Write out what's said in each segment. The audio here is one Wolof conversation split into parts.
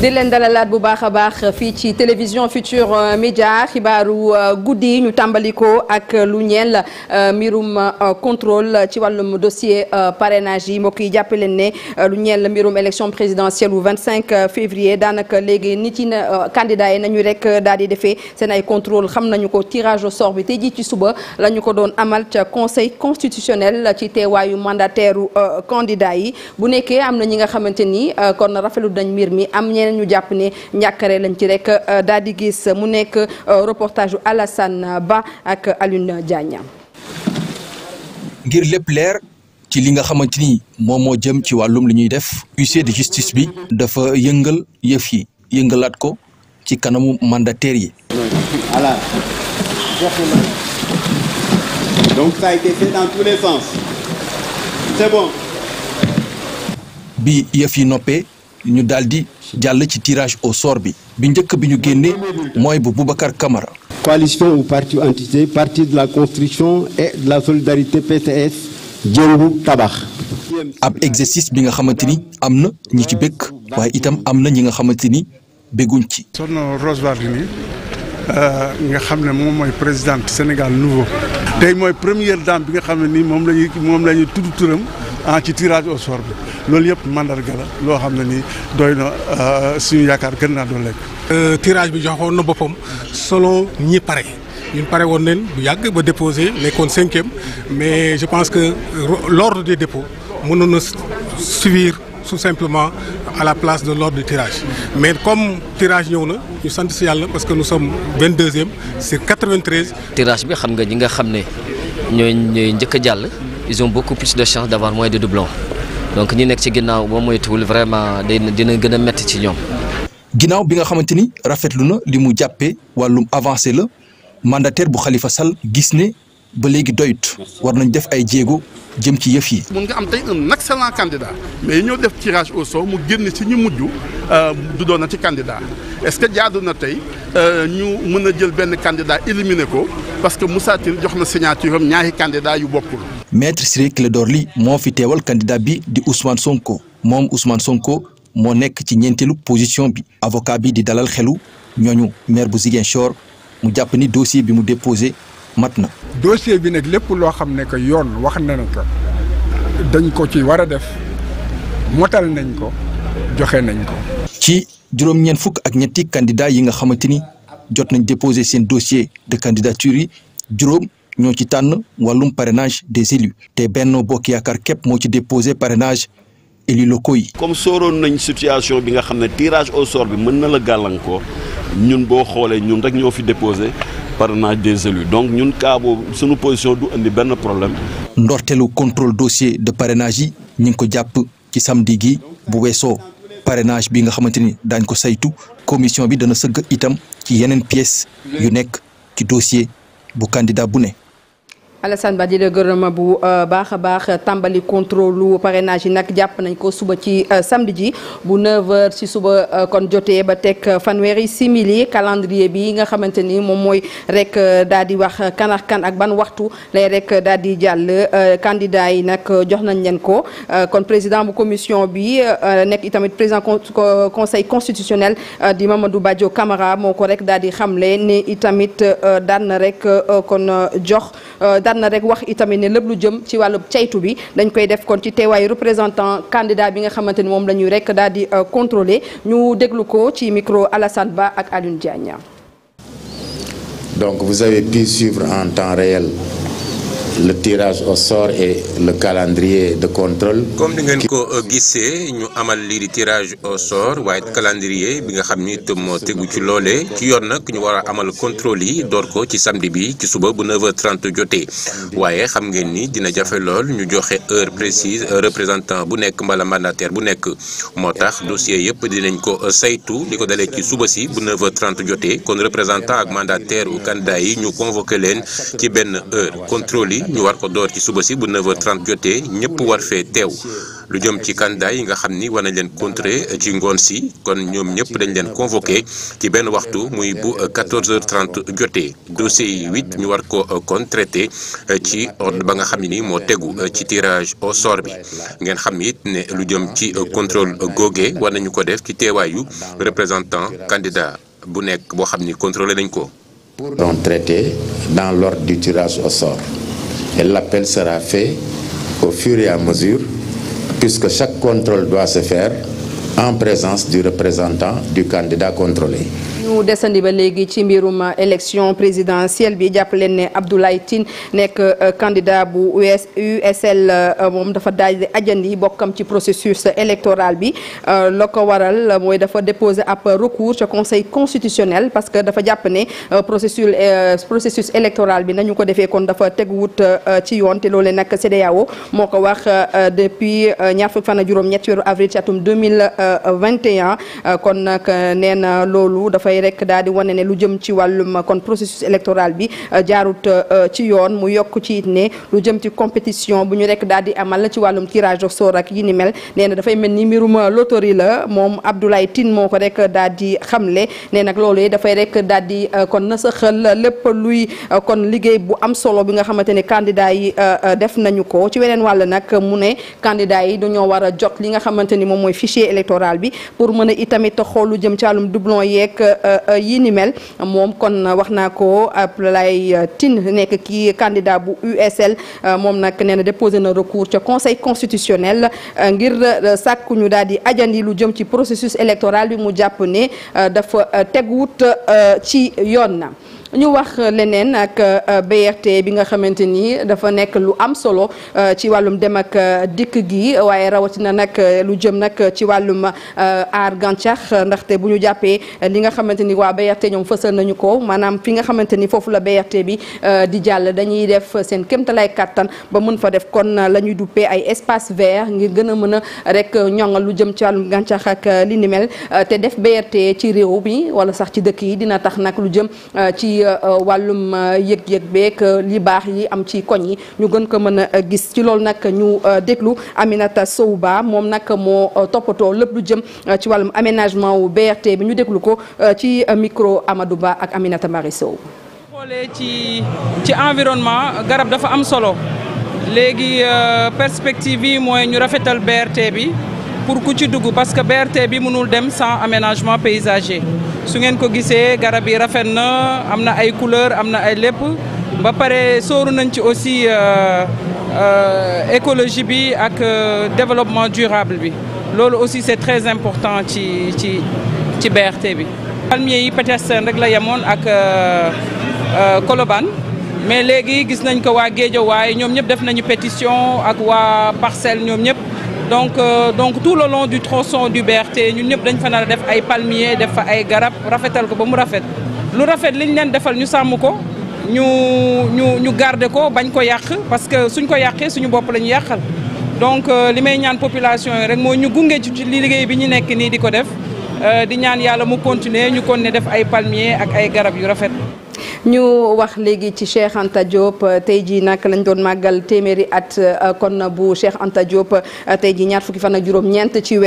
di leen bu baax baax ci télévision Future euh, Média, xibaaru euh, goudi ñu tambaliko ak lu ñeel euh, mirum contrôle ci walum dossier parrainage yi mbokk yi ne lu mirum élection présidentielle bu 25 février danaka légui nit ci candidat candidats yi nañu rek daldi di sen ay contrôle xam nañu ko tirage au sort bi tey jii ci suba lañu ko doon amal ci conseil constitutionnel ci téwayu mandataire candidat yi bu nekké am na ñi nga xamanteni kon rafelu dañ am ñeneen ñu jàpp ne njàkkare lañ ci rek euh, daal di gis mu nekk euh, reportage yu Alassane Ba ak Alioune Diagne. ngir lépp leer ci li nga xamante ni moom moo jëm ci wàllum li ñuy def huissier de justice bi dafa yëngal yëf yi yëngalaat ko ci kanamu mandataire yi. donc ça a été fait dans tous les sens c'est bon. bi yëf yi noppee ñu daal jàll ci tirage au sort bi bi njëkk bi ñu génnee mooy bu Boubacar Camara. coalition ou parti ou entité parti de la construction et de la solidarité pts jëmbu tabax. ab exercice bi nga xamante ni am na ñi ci bëgg waaye itam am na ñi nga xamante ni bëgguñ ci. soxna Rose Wardini euh, nga xam ne moom mooy présidente Sénégal nouveau tey mooy première dame bi nga xam ne nii moom la ñuy moom la ñuy tudd turam ah ci tirage au sort bi loolu yëpp mandarga la loo xam ne nii doy na euh, suñu yaakaar gën naa doon lekk. Euh, tirage bi joxoon na boppam selon ñi pare ñun pare woon nañ bu yàgg ba déposé nekkoon cinquième mais je pense que l'ordre des dépôts mënoon na suivre tout simplement à la place de l'ordre du tirage. Mais comme tirage ñëw na ñu sant si yàlla parce que nous sommes 22e sur 93. tirage bi xam nga ñi nga xam ne ñooy ñooy njëkk a jàll ils ont beaucoup plus de chances d'avoir moins de doublons donc ñi nek ci ginnaaw boo moytuwul vraiment dina gëna metti ci ñom. ginnaaw bi nga xamanteni ni rafetlu na li mu jàppee avancer le mandataire bu Khalifa Sall gis né ba légui doyut war nañ def ay jéego jëm ci yëf yi. mun nga am tay un excellent candidat mais ñoo def tirage au sort mu génn ci ñu mujj euh, du doon na ci candidat est-ce que jaadu na tey euh, ñu mëna jël ben candidat éliminé ko parce que Moussa Tine jox na signature am ñaari candidat yu bokkul. maître Ciré Clédor Ly moo fi teewal candidat bi di Ousmane Sonko moom Ousmane Sonko moo nekk ci ñeenteelu position bi avocat bi di dalal xelu ñooñu maire bu Ziguinchor mu jàpp ni dossier bi mu déposé mat na. dossier bi nag lépp loo xam ne que yoon wax na ne ko dañ ko ci war a def motal nañ ko joxe nañ ko. ci juróom-ñeent fukk ak ñetti candidat yi nga xamante ni jot nañ déposé seen dossier de candidature yi juróom. ñoo ci tànn wàllum parrainage des élus te Benno Bokk Yaakaar képp moo ci déposé parrainage élu locaux yi. comme sooroon nañ situation bi nga xam ne tirage au sort bi mën na la gàllankoor ñun boo xoolee ñun rek ñoo fi déposé parrainage des élus donc ñun cas boobu suñu position du indi benn problème. ndortelu contrôle dossier de parrainage yi ñu ngi ko jàpp ci samedi gi bu weesoo. parrainage bi nga xamante ni daañ ko saytu commission bi dana sëgg itam ci yeneen pièces yu nekk ci dossier bu candidat bu ne Alassane Badi le la gërëm bu euh, baax baax contrôle parrainage nak japp nañ ko suba ci euh, samedi ji bu 9h ci suba euh, kon jotee ba simili calendrier bi nga xamanteni mom moy rek dadi wax kan kan ak ban waxtu lay rek dadi jall candidat yi nak jox nañ len ko kon président bu commission bi nek itamit président conseil constitutionnel di Mamadou Badio Camara mon correct rek daal xamlé né ne itamit dan rek kon jox daan rek wax itamit ne lépp lu jëm ci walu caytu bi dañ koy def kon ci teewaayu représentant candidat bi nga xamante mom moom rek daal di euh, contrôler ñu déglu ko ci micro Alassane Ba ak Aliou Diagne. donc vous avez pu suivre en temps réel le tirage au sort et le calendrier de contrôle. comme ni ngeen ko euh, gisee ñu amal lii di tirage au sort waaye calendrier bi nga xam ni itam moo tegu ci loolee ci yoon nag ñu war amal contrôle yi door ci samedi bi ci suba bu 9h30 jotee waaye xam ngeen ni dina jafe lool ñu joxe heure précise euh, représentant bu nekk mbala mandataire bu nekk moo tax dossier yëpp dinañ ko euh, saytu li ko dalee ci suba si bu 9h30 jotee kon représentant ak mandataire u candidat yi ñu convoqué leen ci benn heure contrôle ñu war ko door ci suba si bu 9h30 jotee ñëpp war fee teew lu jëm ci candidat yi nga xam ni war leen contrer ci ngoon si kon ñoom ñëpp dañ leen convoqué ci benn waxtu muy bu 14h30 jotee dossier yi huit ñu war ko kon euh, traité euh, ci ordre ba nga xam ne ni moo tegu euh, ci tirage au sort bi ngeen xam it ne lu jëm ci contrôle gogé war nañu ko def ci teewaayu représentant candidat bu nekk boo xam ni contrôlé nañ ko. traité dans l'ordre du tirage au sort et l'appel sera fait au fur et à mesure, puisque chaque contrôle doit se faire en présence du représentant du candidat contrôlé ñu desandi ba léegi ci mbirum élection présidentielle bi jàpp leen ne Abdoulaye Tine nekk euh, candidat bu US USL euh, moom dafa daal di ajandi bokkam ci processus électoral bi euh, la ko waral mooy dafa déposer recours au conseil constitutionnel parce que dafa jàpp ne processus processus électoral bi nañu ko defee kon dafa teguwut ci yoon te loolee nag CEDEAO moo wax depuis ñaar fukki fan ak avril 2021 kon nag nee na loolu tey rek daal di wane ne lu jëm ci wàllum kon processus électoral bi euh, jaarut euh, ci yoon mu yokk ci it ne lu jëm ci compétition bu ñu rekk daal di amal ci wàllum tirage au sort ak yi ni mel nee na dafay mel ni mbirum euh, loterie la moom Abdoulaye Tine moo ko rek daal di xamle ne nag loolu dafay rek daal di kon nasaxal lépp luy kon liggéey bu am solo bi nga xamante ne candidat yi def nañu ko ci weneen wàll nag mu ne candidat yi dañoo war a jot li nga xamante ni moom mooy fichier électoral bi Euh, euh, yi ni mel moom kon euh, wax naa ko candidat bu USL mom nak nee déposé na recours ca conseil constitutionnel ngir sakku ñu daldi di lu jëm ci processus électoral bi mu japp né dafa teguwut ci yoon na ñu wax leneen ak euh, BRT bi nga xamante ni dafa nekk lu am solo euh, ci wàllum dem ak euh, dikk gi waaye rawatina nag lu jëm nag ci wàllum aar gàncax ndaxte bu ñu jàppee li nga xamante ni waa BRT ñoom fësal nañu ko maanaam fi nga xamante ni foofu la BRT bi di jàll dañuy def seen kéemtalaay kàttan ba mën fa def kon la ñuy duppee ay espace vert ngir gën a mën a rek ñoŋal lu jëm ci wàllum gàncax ak li te def BRT ci réew mi wala sax ci dëkk yi dina tax nag lu jëm ci euh, wàllum euh, yëg-yëg beek euh, li baax yi am ci koñ yi ñu gën ko mën a gis ci loolu nag ñu déglu Aminata Sow Ba moom nag moo toppatoo lépp lu jëm ci wàllum aménagement wu beerte bi ñu déglu ko ci micro Amadou Ba ak Aminata Marie Sow xoolee ci environnement garab dafa am solo léegi perspective yi mooy ñu rafetal BRT bi pour ku ci dugg parce que BRT bi mënul dem sans aménagement paysager su ngeen ko gisee garab yi rafet na ay couleur am na ay lépp ba pare sóoru nañ ci aussi euh, euh, écologie bi ak euh, développement durable bi loolu aussi c'est très important ci ci ci BRT bi. palmier yi Petersen rek la yemoon ak Colobane mais léegi gis nañ ko waa Guédiawaye ñoom ñëpp def nañu pétition ak waa Parcelles ñoom ñëpp. Euh, donc tout le long du tronçon du BRT nous avons dañ fa palmiers des fa ay garab rafetal ko nous rafet nous liñ parce que nous ko yaké suñu nous, lañu yakal donc euh, nous, nous population rek nous, ñu nous ci li euh, palmiers ñu wax léegi ci Cheikh Anta Diop euh, tey jii nag lañ doon magal téméri at euh, kon bu Cheikh Anta Diop euh, tey jii ñaar fukki fan ak juróom ci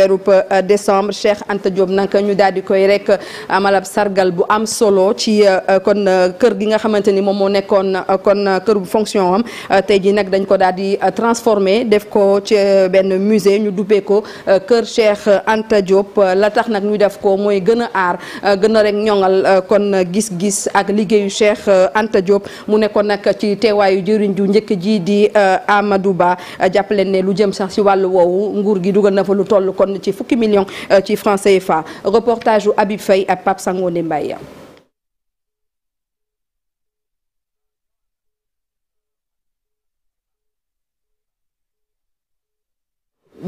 décembre Cheikh Anta Diop nag ñu daldi koy rek amalab sargal bu am solo ci kon kër gi nga xamanteni mom mo nekkon kon kër bu fonction am tey jii nag dañ ko daldi transformer def ko ci ben musée ñu ko kër Cheikh Anta Diop la tax nak ñu def ko moy gëna gëna rek ñongal kon gis-gis ak liggéeyu Cheikh eh, Anta Diop mu nekkoon nag ci teewaayu jëriñ ju njëkk ji di eh, amadu Ba eh, jàppaleen ne lu jëm sax ci wàll woowu nguur gi dugal na fa lu toll kon ci fukki million ci francs fa reportage u Habib Faye ak Pape Sangone Mbaye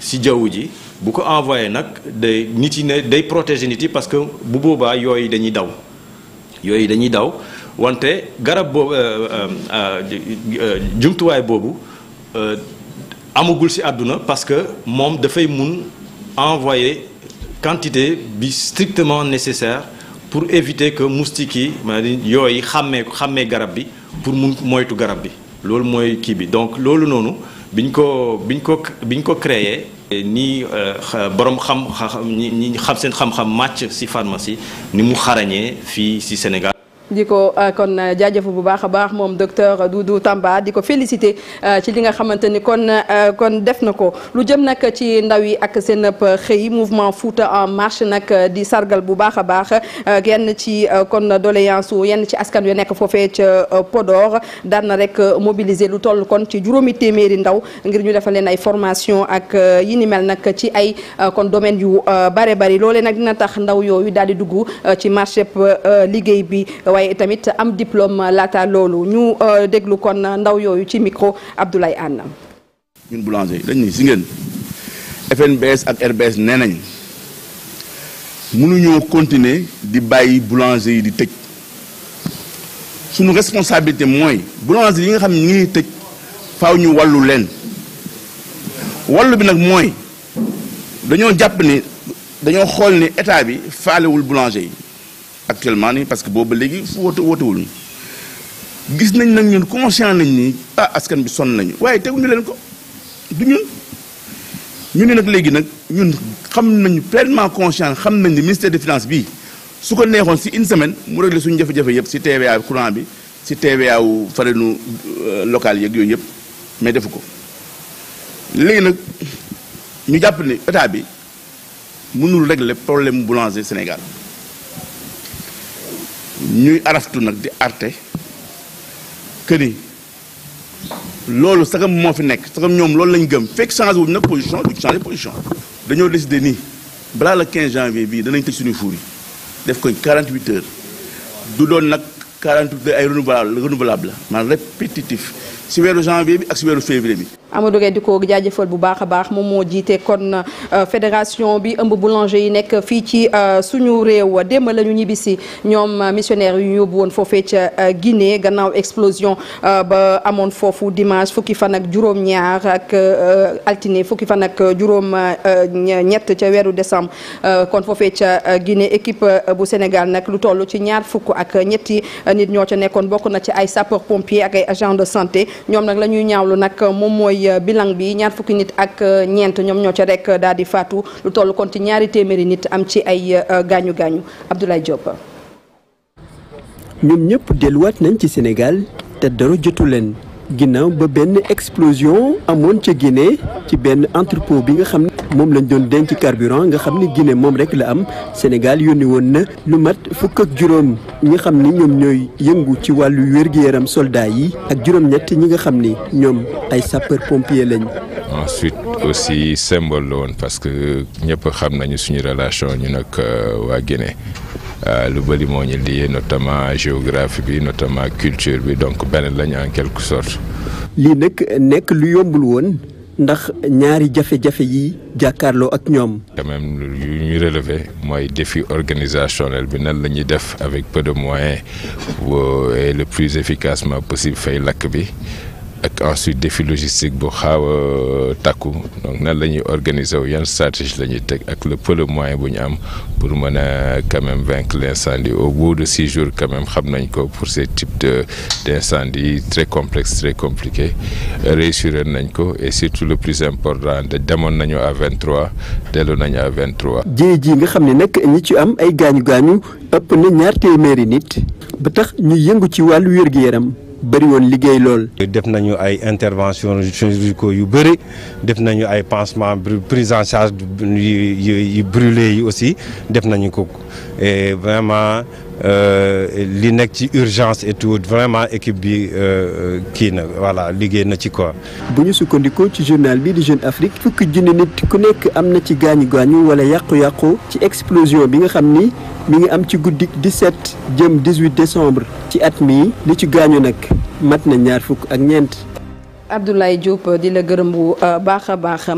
si des beaucoup bu ko envoyé nak de nitine yi protéger parce que dañuy daw dañuy wante garab euh, euh, euh, parce que de fay moun envoyer quantité strictement nécessaire pour éviter que moustiques yi xamé garab bi pour moytu garab bi bi donc biñ ko biñ ko biñ ko créé ni euh, borom xam ñi xam seen xam-xam màcc ci pharmacie ni mu xarañee fii ci Sénégal. Diko ah, kon ah, jaajëf bu baax baax docteur Doudou Tamba Diko féliciter félicité ah, ci li nga xamanteni kon kon def na lu jëm nak ci ak mouvement foot en marche nak di sargal bu baax a baax yenn ci kon doléance yenn ci askan yu nek fofé Podor Danarek na rek mobiliser lu toll kon ci juróomi téméri ndaw ngir ñu ay formation ak yini mel nak ci ay kon domaine yu bare bare lolé nak dina tax ndaw yoyu di ci marché bi waaye tamit am diplôme laata loolu ñu euh, déglu kon ndaw yooyu ci micro Abdoulaye Anne. ñun boulanger dañ ni si ngeen FNBS ak RBS nee nañ mënuñoo continuer di bàyyi boulanger yi di tëj suñu responsabilité mooy boulanger yi nga xam ne ñu ngi tëj faw ñu wallu leen wàllu bi nag mooy dañoo jàpp ni dañoo xool ni état bi faalewul boulanger yi. actuellement nii parce que bobu léegi fu woote wootewul ñu gis nañ nak ñun conscient nañ ni ah askan bi sonn nañu waaye teguñu leen ko du ñun ñu ni nak léegi nak ñun xam nañ pleinement conscient xam nañ ni ministère des finances bi su ko neexon ci une semaine mu régler suñu jafe-jafe yëpp ci TVA courant bi ci TVA wu farinu euh, local yeeg yooyu yëpp mais defuko ko nak ñu japp ni état bi mënul régler problème boulanger Sénégal ñuy araftu nag di arte que ni loolu sagam moo fi nekk sagam ñoom loolu lañ gëm fekk change wuñu nag position du changer position dañoo décider nii balaa la 15 janvier bii danañ tëj suñuy fuur yi def ko 48 heures du doon nag 48 heures ay renouvelable renouvelable la maanaam répétitif si weeru janvier bi ak si weeru février bi Amadou Gueye di ko bu baax a baax moom moo kon euh, fédération bi ëmb boulanger yi nek fi ci euh, suñu réew dem lañu ñibisi ñom missionnaire yu ñu yóbbu woon foofee euh, Guinée gannaaw explosion ba amone fofu dimanche fukki fan ak juroom ñaar ak altiné fukki fan ak juroom ñett ca wéru décembre kon fofé ca Guinée équipe bu Sénégal nak lu tollu ci ñaar fukku ak ñetti nit ñoo ca nekkon bokku na ci ay sapeurs pompiers ak ay agents de santé ñom nak lañuy ñaawlu nak mom mooy mooy euh, bilang bi ñaar fukki nit ak euh, ñeent ñoom ñoo ca rek daal di faatu lu toll kon ci ñaari téeméeri nit am ci ay euh, gaañu gaañu Abdoulaye Diop. ñëpp delluwaat nañ ci Sénégal te dara jotu leen ginnaaw ba benn explosion amoon ca Guinée ci benn entrepôt bi nga xam ne moom lañ doon denc carburant nga xam ni Guinée moom rek la am Sénégal yónni woon na lu mat fukk ak juróom ñi xam ni ñooy yëngu ci wàllu wér-gu-yaram soldat yi ak juróom-ñett ñi nga xam ni ñoom ay sapeur pompier lañ. ensuite aussi symbole la parce que ñëpp xam nañu suñu relation ñu nag euh, waa Guinée. Euh, lu bëri moo ñu lié notamment géographie bi notamment culture bi donc benn lañ en quelque sort lii nag nekk lu yombul woon. ndax ñaari jafé jafé yi jakarlo ak ñom quand même yu ñu relevé moy défi organisationnel bi nan lañuy def avec peu de moyens euh, et le plus efficacement possible fay lak bi ak ensuite défi logistique bu xaaw euh, taku donc nan lañuy organiser stratégie lañuy tek ak le peu de moyens bu am pour mën quand même vaincre l'incendie au bout de 6 jours quand même xam ko pour ce type d'incendie très complexe très compliqué réussir nañ ko et surtout le plus important demon nañu à 23 dellu nañu à 23. jéey ji nga xamni ne nag ñi ci am ay gañu gañu ëpp na ñaar téeméeri nit ba tax ñu yëngu ci walu wér-gu-yaram bëri woon liggéey lool. def nañu ay intervention chirurgicaux yu bëri def nañu ay pansement prise en charge yu yu brûlé yi aussi def nañu ko et vraiment. Euh, li nek ci urgence et tout vraiment équipe bi euh, euh, ki na voilà liggéey na ci quoi. bu ñu sukkandikoo ci journal bi di Jeune Afrique fukk junni nit ku nek am na ci gañu gañu wala yàqu-yàqu ci explosion bi nga xamni mi ngi am ci guddik 17 jëm 18 décembre ci at mi li ci gañu nak mat na ñaar fukk ak ñent Abdoulaye Diop euh, di la gërëm bu euh, baax baax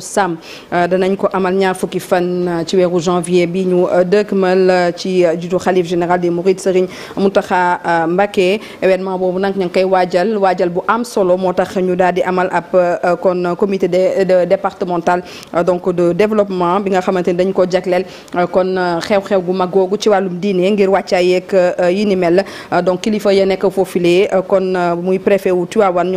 Sam euh, danañ ko amal ñaar fukki fan ci wéru janvier bi ñu deukmal ci juddu Khalif général des Mourides Serigne Mountakha Mbacké événement bobu nak ña ngi wajal waajal bu am solo motax ñu daal amal ap kon comité de départemental donc de développement bi nga xamanteni dañ ko jagleel kon xew-xew gu mag gogu ci walum diiné ngir waccayek mel donc kilifa ya nek fofilé kon muy préfet wu Tivaouane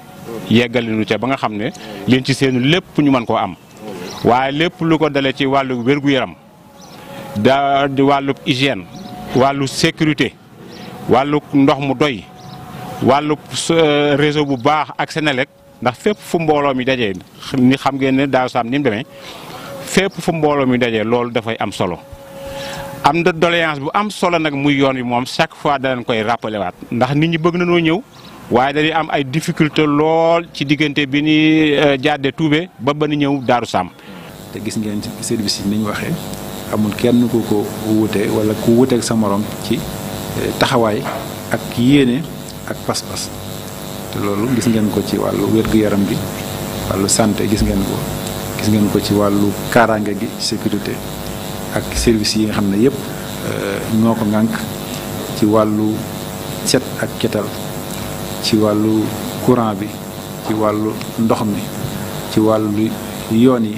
yeggali nu ca ba nga xam ne liñ ci seenu lépp ñu mën koo am waaye lépp lu ko dale ci wàllu wér yaram da wàllu hygiène wàllu sécurité wàllu ndox mu doy wàllu euh, réseau bu baax ak Senelec ndax fépp fu mbooloo mi dajee ni xam ngeen ne Daaru Saam ni mu demee fépp fu mbooloo mi dajee loolu dafay am solo am na doléance bu am solo nag muy yoon wi moom chaque fois danañ koy rappelé waat ndax nit ñi bëgg na noo ñëw waye dañuy am ay difficulté lol ci digënté bi ni euh, jaadé Toubé ba ba ñëw daru Sam té gis ngeen service yi niñ waxé amul kenn ko ko wuté wala ku ak sa morom ci euh, taxaway ak yéné ak pas pass té lolou gis ngeen ko ci walu wér yaram bi walu santé gis ngeen ko gis ngeen ko ci walu kaaraange gi sécurité ak service yi nga xamné yépp euh, ñoko ngank ci walu set ak ketal ci wàllu courant bi ci wàllu ndox mi ci wàllu yoon yi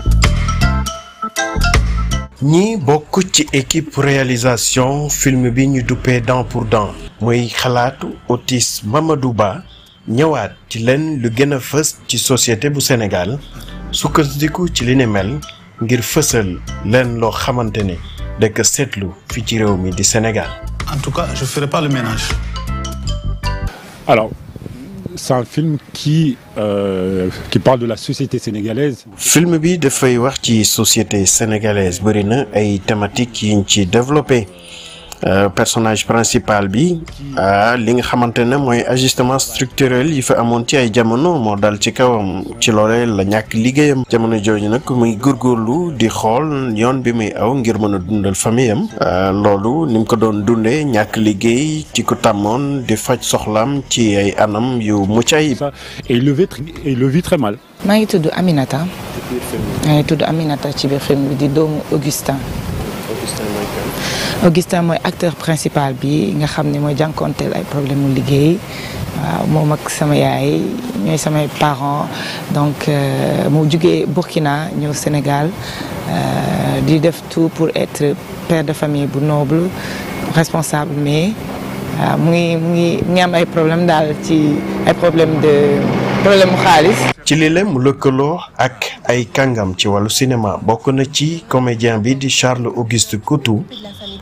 ñi bokku ci équipe réalisation film bi ñu duppee dent pour dans. moy xalaatu Otis Mamadouba, Ba ñëwaat ci leen lu gëna fess ci société bu Sénégal sukkandiku ci li mel ngir fësal leen lo xamante setlu fi ci réew di Sénégal. En tout cas, je ferai pas le ménage. Alors, c'est un film euh, qui parle de la société sénégalaise. film bi de wax société sénégalaise Burina na ay qui qui ci euh, personnage principal bi euh, li nga xamantene moy ajustement structurel yi fa amoon ci ay jamono mo dal ci kawam ci loolee la ñak liggéeyam jamono jooju nak muy góorgóorlu di xol yoon bi muy aw ngir mëna dundal famiyam euh, lolu nim ko doon dundé ñak liggéey ci ku tamone di fajj soxlam ci ay anam yu mucc ayib. et il le vit et le vitre très mal. maa ngi Aminata. maa ngi Aminata ci bi film bi di doomu Augustin. Augustin Augustin moi, acteur principal bi nga xamné moy jankonté problème de liggéey waaw moom ak sama yaay ñoy sama parents donc euh, mo jugee Burkina ñëw Sénégal euh, di def tout pour être père de famille bu noble responsable mais mu ngi un ay problème dal ci ay problème de ci lii la mu lëkkaloo ak ay kàngam ci wàllu cinéma bokk na ci comédien bi di Charles Auguste Coutou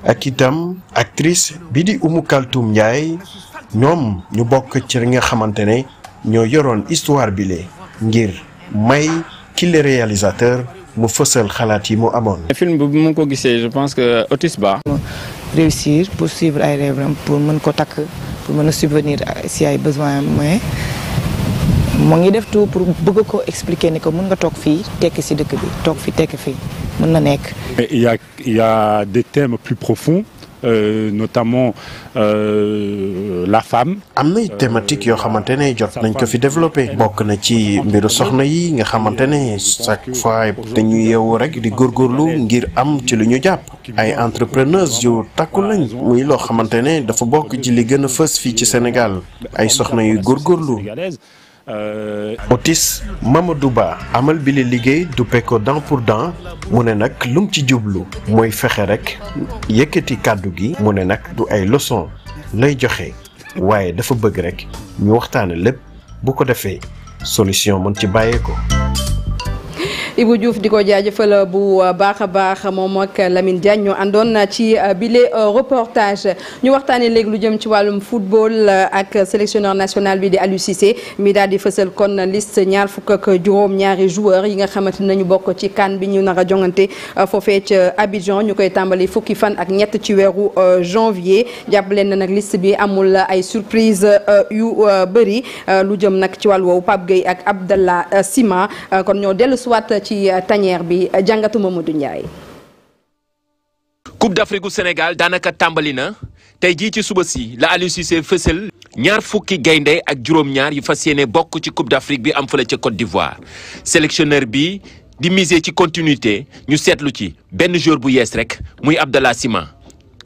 ak itam actrice bi di Oumou Kaltoum Ndiaye ñoom ñu bokk ci li nga xamante ne ñoo yoroon histoire bi ngir may ki le réalisateur mu fësal xalaat yi mu amoon. film bi mu ko gisee je pense que Otis Ba. réussir pour suivre ay rêve pour mën ko takk pour mën a subvenir si ay besoins moyens mu ngi def tout pour bëgg ko expliquer ni ko mën nga tok fi tek ci dëkk bi tok fi tek fi mën na nekk. il y a il y a des thèmes plus profonds. Euh, notamment euh, la femme. am nay thématique yo xamantene jot nañ ko fi développer bok na ci mbiru soxna yi nga xamantene chaque fois dañu yewu rek di gorgorlu ngir am ci lu ñu ay entrepreneurs yu takku lañ. muy lo xamantene dafa bok ci li gëna fess fi ci Sénégal ay soxna yu gorgorlu Euh, Otis Mamadou Ba amal bi li liggéey duppe ko dent pour dent mu ne nag lum ci jublu mooy fexe rek yëkkati kàddu gi mu ne nag du ay leçon lay joxe waaye dafa bëgg rek ñu waxtaane lépp bu ko defee solution mën ci bàyyee ko Ibou Diouf diko ko jaajëfal bu euh, baax a baax moom ak Lamine Diagne ñu andon ci euh, bile euh, reportage ñu waxtaanee lég lu jëm ci walum football ak sélectionneur national bi di Aliou Cissé mi daldi di kon liste ñaar fukk ak juróom-ñaari joueurs yi nga xamante nañu bok ci kan bi ñu nar a jongante foofee ca Abidjan ñukoy koy tàmbali fukki fan ak ñett ci wéru janvier jàpp leen na liste bi amul ay surprise yu bëri lu jëm nak ci wàllu woowu Pape Gueye ak Abdallah Sima kon ñoo dellu suwat ci euh, tanière bi euh, jàngatu Mamadou Ndiaye. Coupe d'Afrique gu Sénégal daanaka tàmbali na tey jii ci suba si la Aliou Cissé fësal ñaar fukki gaynde ak juróom-ñaar yu fas yéene bokk ci Coupe d'Afrique bi am fële ca Côte d'Ivoire sélectionneur bi di miser ci continuité ñu seetlu ci benn joueur bu yees rek muy Abdallah Sima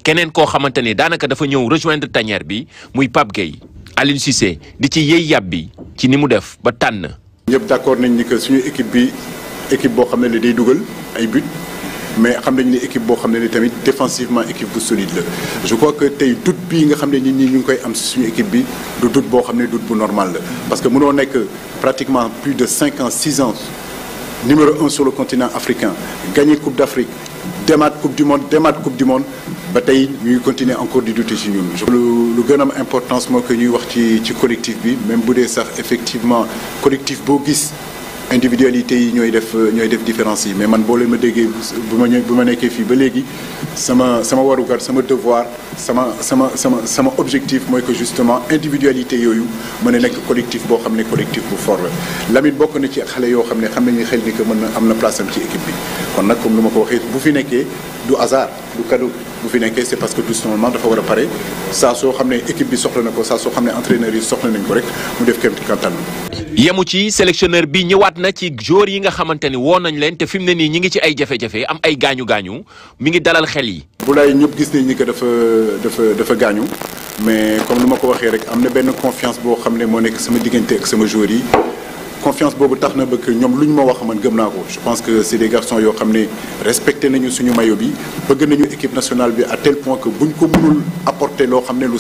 keneen koo xamante ne daanaka dafa ñëw rejoindre tanière bi muy Pape Gueye Aliou di ci yëy yàb bi ci ni mu def ba tànn. ñëpp d'accord nañ ni que suñu équipe bi. équipe boo xam ne day dugal ay mais xam a ne équipe boo xam défensivement équipe bu solide je crois que tey doute bii nga xam ne nit ñi ñu koy am si suñu équipe bi du doute boo xam bu normal parce que mënoo nekk pratiquement plus de 5 ans 6 ans numéro 1 sur le continent africain gagné coupe d'Afrique demaat coupe du monde demaat coupe du monde ba tey ñuy continuer encore di douter ci ñun. lu lu gën importance que ñuy wax ci ci collectif bi même bu dee sax effectivement collectif boo gis individualité yi ñooy def ñoy def différence yi mais man bo leen ma déggee bu ma bu ma ba légui sama sama waru warugar sama devoir sama sama sama sama objectif moy que justement individualité yoyu mën a collectif bo xamné collectif bu fort la Lamine bokk na ci xalé yo xamné ne xam nañu xel ni que mëna amna place am ci équipe bi kon nak comme luma ko waxé bu fi nekkee du hasard du cadeau bu fi nekkee c'est parce que tout simplement dafa war a pare saa soo xam ne équipe bi soxla nako ça so xamné entraîneur yi soxla nañ ko rek mu def kéem kattan yemu ci sélectionneur bi ñëwaat na ci joueurs yi nga xamante ni woo nañ leen te fi mu ne nii ñi ngi ci ay jafe-jafe am ay gaañu gaañu mi ngi dalal xel yi. Boulaye ñëpp gis nañ ni que dafa dafa dafa gaañu mais comme lu ma ko waxee rek am na benn confiance boo xam ne moo nekk sama diggante ak sama joueurs yi. confiance bobu taxna je pense que c'est des garçons qui xamné respecté nañu suñu bi équipe nationale à tel point que buñ ko mënul apporter 100 nous la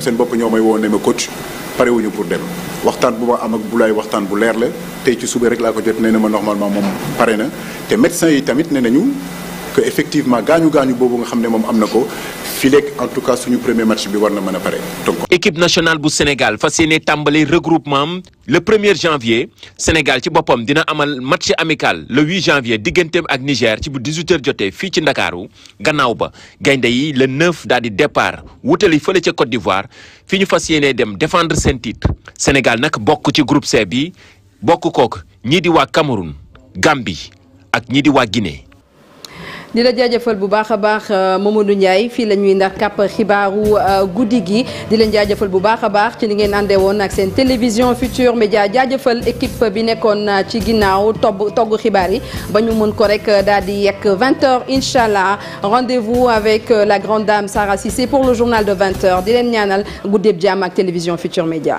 seen ñomay wo coach paré wuñu pour dem waxtaan bu ma am ak Boulaye waxtaan bu leer la ci rek ko jot na que effectivement gaañu gaañu bobu nga xamné mom en tout cas suñu premier match bi war na équipe nationale bu Sénégal fas tambalé regroupement le 1er janvier Sénégal ci bopom dina amal match amical le 8 janvier digentem ak Niger ci bu 18h jotee fi ci Ndakaaru gannaaw ba gaynde yi le 9 daal di départ wouteli feulé ci Côte d'Ivoire fiñu ñu dem défendre son titre Sénégal nak bokk ci groupe C bi bokk kok ñi di Cameroun Gambie ak ñi di wa Guinée dila la bu baax a baax euh, Mamadou Ndiaye fi lañuy ndax cap xibaaru euh, guddi gi di bu baax baax ci li ngeen ak sen télévision Future Media. jaajëfal équipe bi nekkoon euh, ci ginnaaw tobb togg xibaari bañu mën ko rek daal di 20h Inshallah, rendez-vous avec la grande dame Sarah Cissé pour le journal de 20h di leen ñaanal guddeeb ak télévision Future Media.